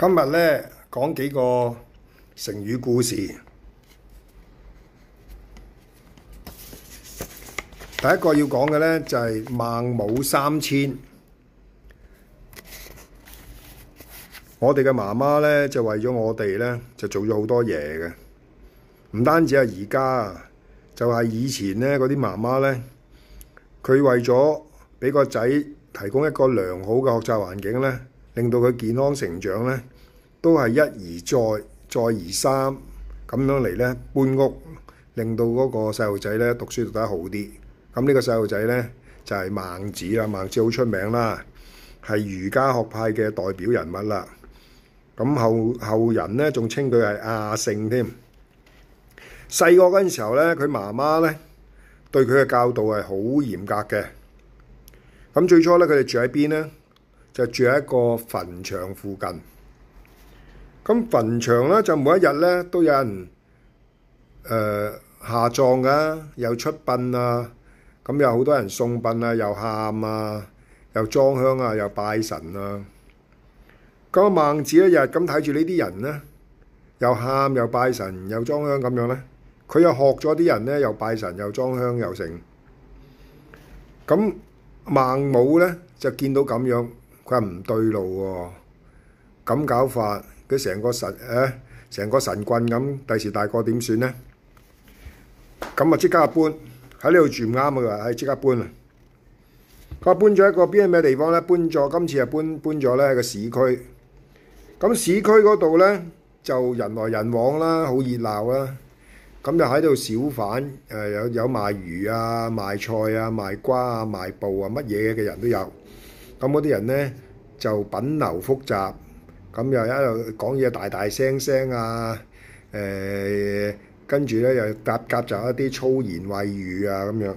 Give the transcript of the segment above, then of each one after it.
今日咧講幾個成語故事。第一個要講嘅咧就係孟母三遷。我哋嘅媽媽咧就為咗我哋咧就做咗好多嘢嘅，唔單止係而家，就係以前咧嗰啲媽媽咧，佢為咗俾個仔提供一個良好嘅學習環境咧。令到佢健康成長咧，都係一而再，再而三咁樣嚟咧搬屋，令到嗰個細路仔咧讀書讀得好啲。咁呢個細路仔咧就係孟子啦，孟子好出名啦，係儒家學派嘅代表人物啦。咁後後人咧仲稱佢係亞聖添。細個嗰陣時候咧，佢媽媽咧對佢嘅教導係好嚴格嘅。咁最初咧，佢哋住喺邊咧？就住喺一個墳場附近，咁墳場咧就每一日咧都有人誒、呃、下葬噶、啊，又出殯啊，咁有好多人送殯啊，又喊啊，又裝香啊，又拜神啊。咁孟子咧日日咁睇住呢啲人咧，又喊又拜神又裝香咁樣咧，佢又學咗啲人咧又拜神又裝香又成。咁孟母咧就見到咁樣。佢話唔對路喎，咁搞法，佢成個神，誒，成個神棍咁，第時大個點算咧？咁啊，即刻搬喺呢度住唔啱啊！佢話，唉，即刻搬啊！佢話搬咗一個邊咩地方咧？搬咗，今次啊搬搬咗咧個市區。咁市區嗰度咧就人來人往啦，好熱鬧啦。咁就喺度小販，誒有有賣魚啊、賣菜啊、賣瓜啊、賣布啊，乜嘢嘅人都有。咁嗰啲人咧就品流複雜，咁又一路講嘢大大聲聲啊，誒，跟住咧又夾夾雜一啲粗言穢語啊咁樣。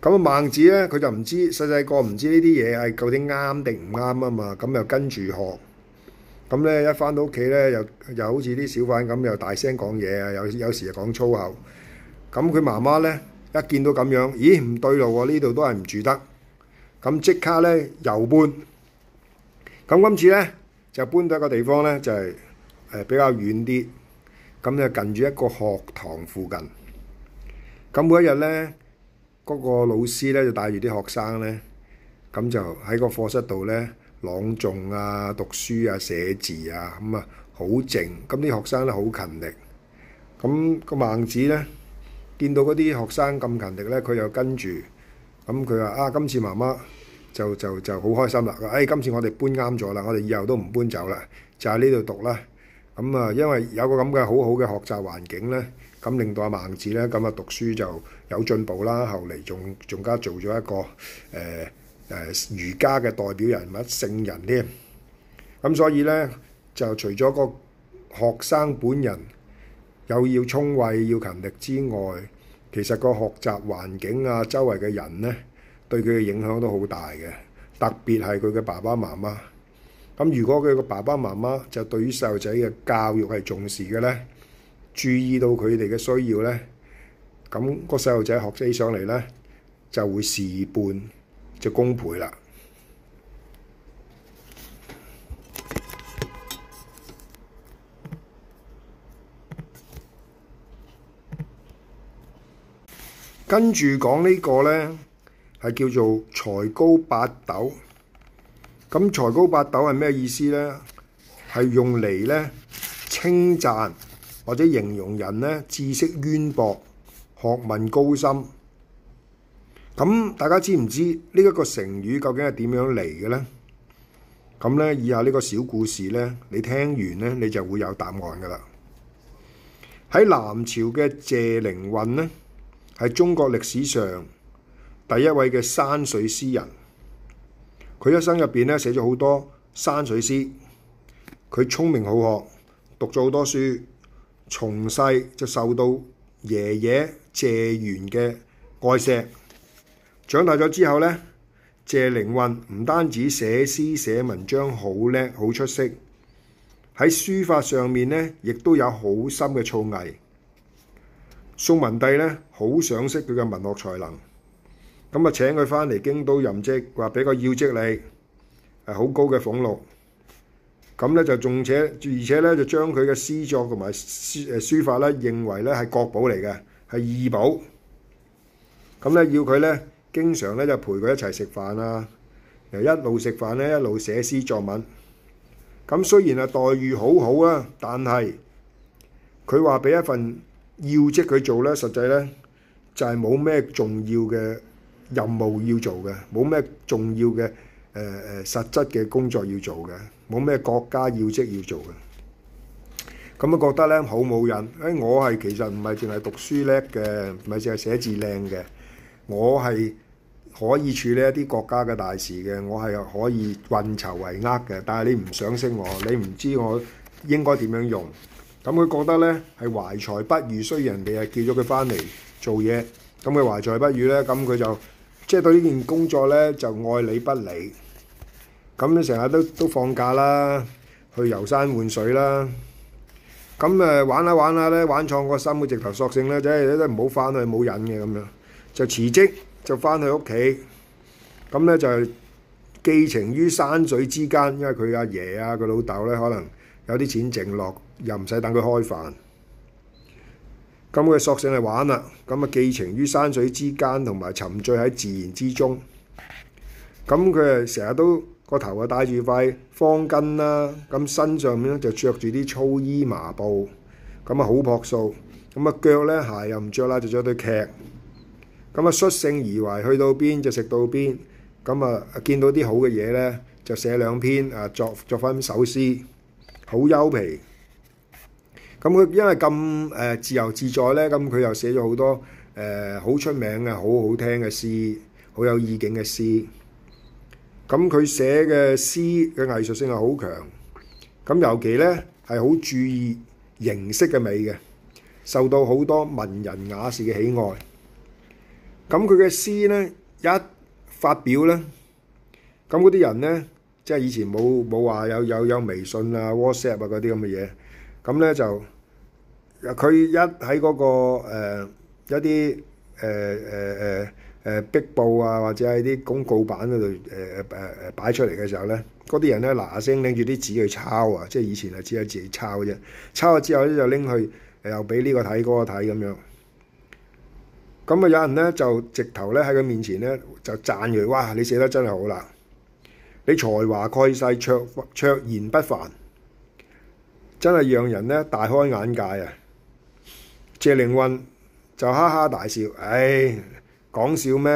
咁啊孟子咧，佢就唔知細細個唔知呢啲嘢係究竟啱定唔啱啊嘛，咁又跟住學。咁咧一返到屋企咧，又又好似啲小販咁，又大聲講嘢啊，有有時又講粗口。咁佢媽媽咧一見到咁樣，咦，唔對路喎，呢度都係唔住得。咁即刻咧又搬，咁今次咧就搬到一個地方咧，就係、是、誒比較遠啲，咁就近住一個學堂附近。咁每一日咧，嗰、那個老師咧就帶住啲學生咧，咁就喺個課室度咧朗誦啊、讀書啊、寫字啊，咁啊好靜。咁啲學生咧好勤力，咁、那個孟子咧見到嗰啲學生咁勤力咧，佢又跟住。咁佢話：啊，今次媽媽就就就好開心啦！誒，今次我哋搬啱咗啦，我哋以後都唔搬走啦，就喺呢度讀啦。咁啊，因為有個咁嘅好好嘅學習環境咧，咁令到阿孟子咧咁啊讀書就有進步啦。後嚟仲仲加做咗一個誒誒儒家嘅代表人物聖人添。咁所以咧，就除咗個學生本人又要聰慧要勤力之外，其實個學習環境啊，周圍嘅人咧，對佢嘅影響都好大嘅。特別係佢嘅爸爸媽媽。咁如果佢嘅爸爸媽媽就對於細路仔嘅教育係重視嘅咧，注意到佢哋嘅需要咧，咁個細路仔學起上嚟咧，就會事半就功倍啦。跟住講呢個呢係叫做才高八斗。咁才高八斗係咩意思呢？係用嚟呢稱讚或者形容人呢知識淵博、學問高深。咁大家知唔知呢一個成語究竟係點樣嚟嘅呢？咁呢以下呢個小故事呢，你聽完呢，你就會有答案噶啦。喺南朝嘅謝靈運呢。係中國歷史上第一位嘅山水詩人，佢一生入邊咧寫咗好多山水詩。佢聰明好學，讀咗好多書，從細就受到爺爺謝玄嘅愛錫。長大咗之後咧，謝靈運唔單止寫詩寫文章好叻好出色，喺書法上面咧亦都有好深嘅造詣。宋文帝咧好賞識佢嘅文學才能，咁啊請佢翻嚟京都任職，話俾個要職你，係好高嘅俸祿。咁咧就仲且，而且咧就將佢嘅詩作同埋書誒書法咧，認為咧係國寶嚟嘅，係異寶。咁咧要佢咧，經常咧就陪佢一齊食飯啊，又一路食飯咧一路寫詩作文。咁雖然啊待遇好好啊，但係佢話俾一份。要職佢做咧，實際咧就係冇咩重要嘅任務要做嘅，冇咩重要嘅誒誒實質嘅工作要做嘅，冇咩國家要職要做嘅。咁啊覺得咧好冇癮。誒、欸，我係其實唔係淨係讀書叻嘅，唔係淨係寫字靚嘅。我係可以處理一啲國家嘅大事嘅，我係可以運籌帷幄嘅。但係你唔想識我，你唔知我應該點樣用。咁佢覺得咧係懷才不遇，雖然人哋啊叫咗佢翻嚟做嘢，咁佢懷才不遇咧，咁佢就即係對呢件工作咧就愛理不理。咁咧成日都都放假啦，去遊山玩水啦。咁誒玩下玩下咧，玩創個心會，直頭索性咧，即係都唔好翻去冇癮嘅咁樣，就辭職就翻去屋企。咁咧就寄情於山水之間，因為佢阿爺啊，佢老豆咧可能有啲錢剩落。又唔使等佢開飯，咁佢索性嚟玩啦。咁啊，寄情於山水之間，同埋沉醉喺自然之中。咁佢啊，成日都個頭啊戴住塊方巾啦，咁身上面咧就着住啲粗衣麻布，咁啊好樸素。咁啊腳咧鞋又唔着啦，就着對屐。咁啊率性而為，去到邊就食到邊。咁啊見到啲好嘅嘢咧，就寫兩篇啊，作作翻首詩，好優皮。咁佢因為咁誒自由自在咧，咁佢又寫咗好多誒好、呃、出名嘅、好好聽嘅詩，好有意境嘅詩。咁佢寫嘅詩嘅藝術性係好強。咁尤其咧係好注意形式嘅美嘅，受到好多文人雅士嘅喜愛。咁佢嘅詩咧一發表咧，咁嗰啲人咧即係以前冇冇話有有有微信啊、WhatsApp 啊嗰啲咁嘅嘢。咁咧就，佢一喺嗰、嗰個、呃、一啲誒誒誒誒壁報啊，或者喺啲公告板嗰度誒誒誒擺出嚟嘅時候咧，嗰啲人咧嗱嗱聲拎住啲紙去抄啊！即係以前啊，只有自己抄啫。抄咗之後咧、誒，就拎去又俾呢個睇嗰個睇咁樣。咁啊，有人咧就直頭咧喺佢面前咧就讚佢，哇！你寫得真係好啦，你才華蓋世，卓卓然不凡。真係讓人咧大開眼界啊！謝靈運就哈哈大笑，唉、哎，講笑咩？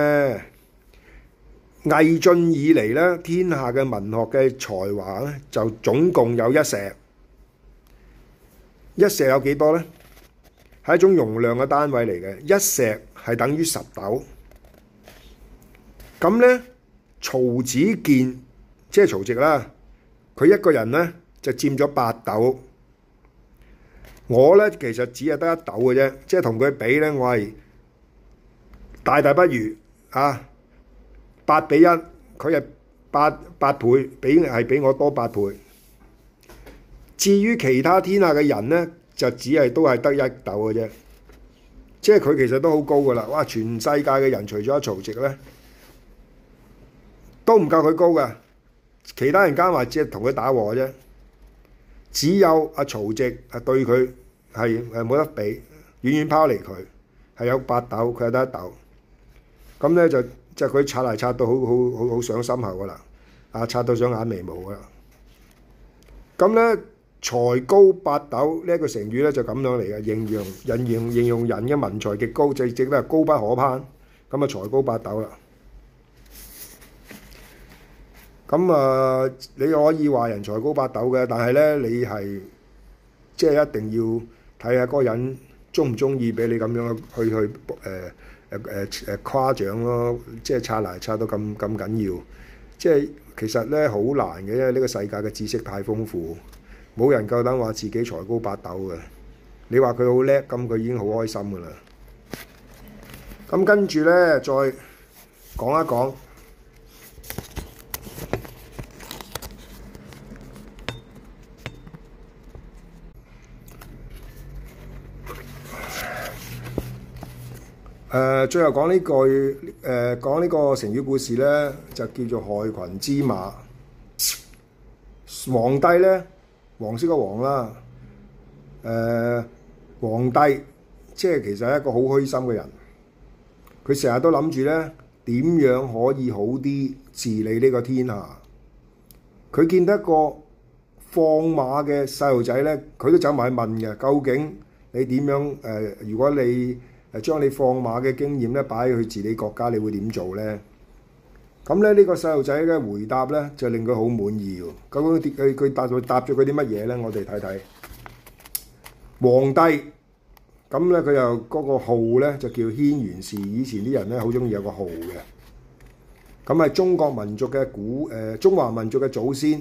魏晉以嚟咧，天下嘅文學嘅才華咧，就總共有一石。一石有幾多咧？係一種容量嘅單位嚟嘅，一石係等於十斗。咁咧，曹子建即係曹植啦，佢一個人咧就佔咗八斗。我咧其實只係得一斗嘅啫，即係同佢比咧，我係大大不如啊！八比一，佢係八八倍，比係比我多八倍。至於其他天下嘅人咧，就只係都係得一斗嘅啫。即係佢其實都好高嘅啦，哇！全世界嘅人除咗曹植咧，都唔夠佢高㗎。其他人加埋只係同佢打和啫。只有阿曹植係對佢係冇得比，遠遠拋離，佢係有八斗，佢有得一斗。咁咧就就佢拆嚟拆到好好好好上心口噶啦，啊拆到上眼眉毛噶啦。咁咧才高八斗呢一個成語咧就咁樣嚟嘅，形容形容形容人嘅文才極高，直直都高不可攀，咁啊才高八斗啦。咁啊、嗯，你可以話人才高八斗嘅，但係咧，你係即係一定要睇下嗰個人中唔中意俾你咁樣去去誒誒誒誒誇獎咯，即係刷牙刷到咁咁緊要，即係其實咧好難嘅，因為呢個世界嘅知識太豐富，冇人夠膽話自己才高八斗嘅。你話佢好叻，咁佢已經好開心噶啦。咁、嗯、跟住咧，再講一講。誒、呃、最後講呢句誒、呃、講呢個成語故事咧，就叫做害群之馬。黃帝咧，黃色嘅黃啦。誒、呃、黃帝即係其實係一個好虛心嘅人，佢成日都諗住咧點樣可以好啲治理呢個天下。佢見得個放馬嘅細路仔咧，佢都走埋去問嘅，究竟你點樣？誒、呃，如果你誒將你放馬嘅經驗咧，擺去治理國家，你會點做咧？咁咧呢、呢個細路仔嘅回答咧，就令佢好滿意喎。咁佢跌佢搭答咗佢啲乜嘢咧？我哋睇睇皇帝，咁咧，佢又嗰個號咧就叫軒轅氏。以前啲人咧好中意有個號嘅。咁係中國民族嘅古誒、呃，中華民族嘅祖先。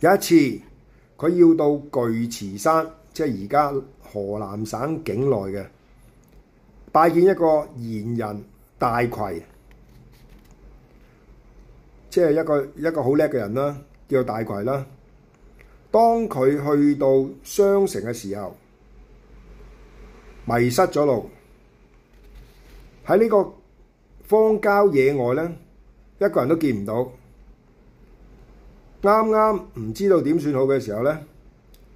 有一次佢要到巨池山，即係而家河南省境內嘅。拜見一個賢人大葵，即係一個一個好叻嘅人啦，叫大葵啦。當佢去到商城嘅時候，迷失咗路，喺呢個荒郊野外咧，一個人都見唔到。啱啱唔知道點算好嘅時候咧，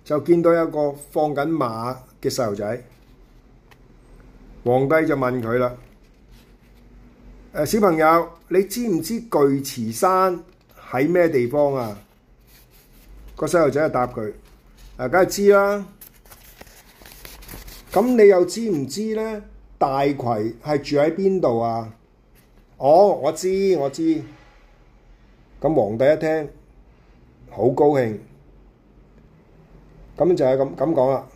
就見到一個放緊馬嘅細路仔。皇帝就問佢啦：誒、啊、小朋友，你知唔知巨池山喺咩地方啊？個細路仔就答佢：誒、啊，梗係知啦。咁你又知唔知咧？大葵係住喺邊度啊？哦，我知我知。咁皇帝一聽，好高興。咁就係咁咁講啦。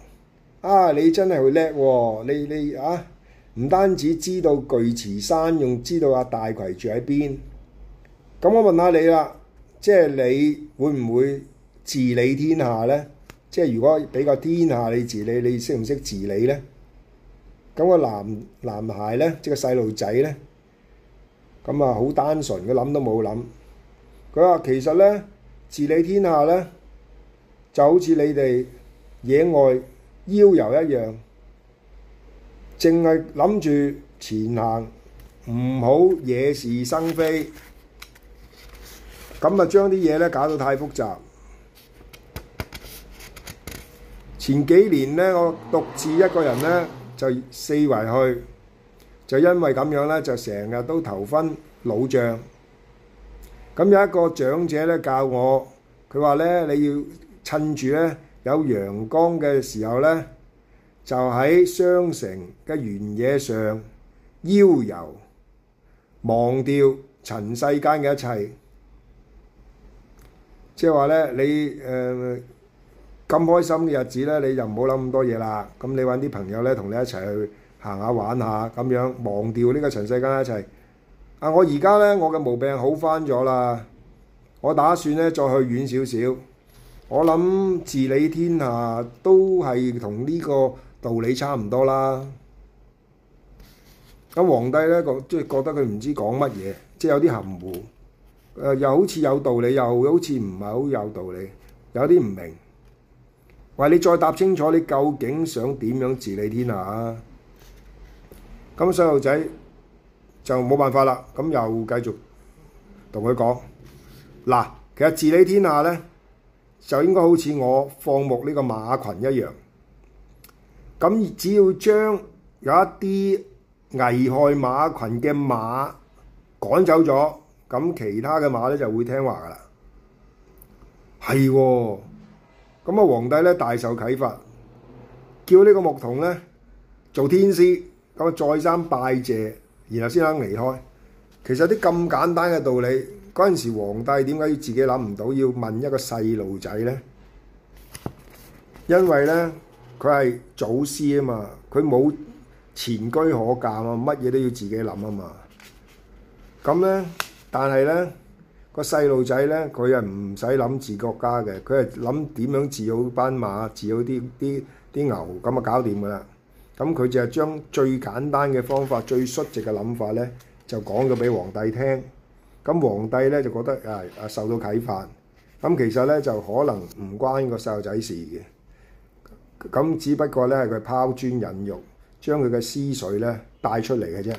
啊，你真係好叻喎！你你啊～唔單止知道具茨山，仲知道阿大葵住喺邊。咁我問下你啦，即係你會唔會治理天下咧？即係如果俾個天下你治理，你識唔識治理咧？咁個男男孩咧，即係細路仔咧，咁啊好單純，佢諗都冇諗。佢話其實咧，治理天下咧，就好似你哋野外遨遊一樣。淨係諗住前行，唔好惹是生非，咁啊將啲嘢咧搞到太複雜。前幾年咧，我獨自一個人咧，就四圍去，就因為咁樣咧，就成日都頭昏腦脹。咁有一個長者咧教我，佢話咧，你要趁住咧有陽光嘅時候咧，就喺商城嘅原野上悠遊，忘掉塵世間嘅一切。即係話咧，你誒咁、呃、開心嘅日子咧，你就唔好諗咁多嘢啦。咁你搵啲朋友咧，同你一齊去行，行，行，行玩下玩下咁樣，忘掉呢個塵世間嘅一切。啊，我而家咧，我嘅毛病好返咗啦。我打算咧再去遠少少。我諗治理天下都係同呢個。道理差唔多啦。咁皇帝咧，即係覺得佢唔知講乜嘢，即係有啲含糊。誒、呃，又好似有道理，又好似唔係好有道理，有啲唔明。話你再答清楚，你究竟想點樣治理天下？咁細路仔就冇辦法啦。咁又繼續同佢講，嗱，其實治理天下咧，就應該好似我放牧呢個馬群一樣。咁只要將有一啲危害馬群嘅馬趕走咗，咁其他嘅馬咧，就會聽話㗎喇。係，咁啊皇帝咧，大受啟發，叫呢個牧童咧做天師，咁啊再三拜謝，然後先肯離開。其實啲咁簡單嘅道理，嗰陣時皇帝點解要自己諗唔到要問一個細路仔咧？因為咧。佢係祖師啊嘛，佢冇前居可鑑啊，乜嘢都要自己諗啊嘛。咁咧，但係咧個細路仔咧，佢又唔使諗治國家嘅，佢係諗點樣治好班馬、治好啲啲啲牛，咁啊搞掂噶啦。咁佢就係將最簡單嘅方法、最率直嘅諗法咧，就講咗俾皇帝聽。咁皇帝咧就覺得誒啊、哎、受到啟發。咁其實咧就可能唔關個細路仔事嘅。咁只不過咧，係佢拋磚引玉，將佢嘅思緒咧帶出嚟嘅啫。